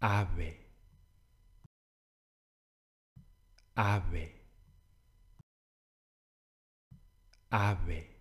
ave, ave, ave.